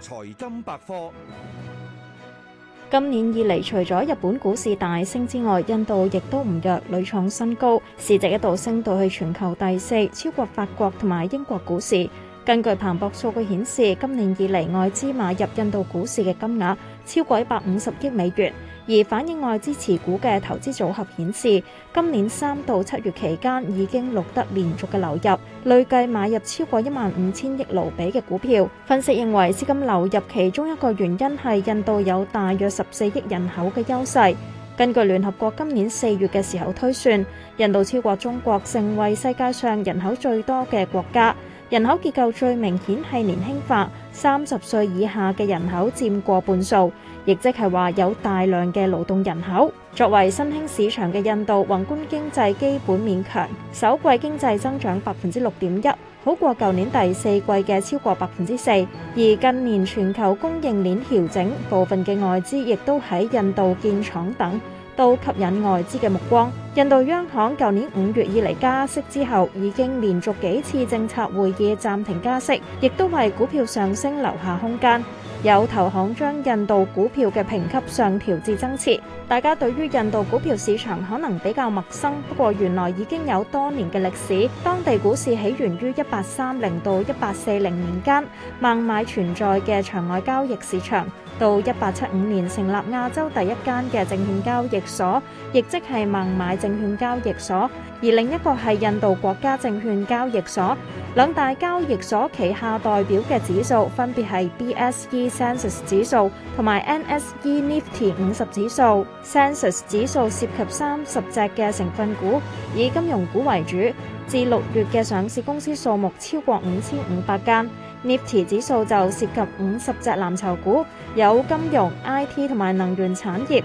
財金百科。今年以嚟，除咗日本股市大升之外，印度亦都唔弱，屢創新高，市值一度升到去全球第四，超過法國同埋英國股市。根據彭博數據顯示，今年以嚟外資買入印度股市嘅金額超過一百五十億美元。而反映外資持股嘅投資組合顯示，今年三到七月期間已經錄得連續嘅流入，累計買入超過一萬五千億盧比嘅股票。分析認為資金流入其中一個原因係印度有大約十四億人口嘅優勢。根據聯合國今年四月嘅時候推算，印度超過中國成為世界上人口最多嘅國家，人口結構最明顯係年輕化。三十歲以下嘅人口佔過半數，亦即係話有大量嘅勞動人口。作為新興市場嘅印度，宏觀經濟基本面強，首季經濟增長百分之六點一，好過舊年第四季嘅超過百分之四。而近年全球供應鏈調整，部分嘅外資亦都喺印度建廠等。都吸引外資嘅目光。印度央行舊年五月以嚟加息之後，已經連續幾次政策會議暫停加息，亦都為股票上升留下空間。有投行將印度股票嘅評級上調至增持。大家對於印度股票市場可能比較陌生，不過原來已經有多年嘅歷史。當地股市起源於一八三零到一八四零年間，孟買存在嘅場外交易市場，到一八七五年成立亞洲第一間嘅證券交易所，亦即係孟買證券交易所。而另一個係印度國家證券交易所。兩大交易所旗下代表嘅指數分別係 BSE Sensex 指數同埋 NSE Nifty 五十指數。Sensex 指數涉及三十隻嘅成分股，以金融股為主。至六月嘅上市公司數目超過五千五百間。Nifty 指數就涉及五十隻藍籌股，有金融、IT 同埋能源產業。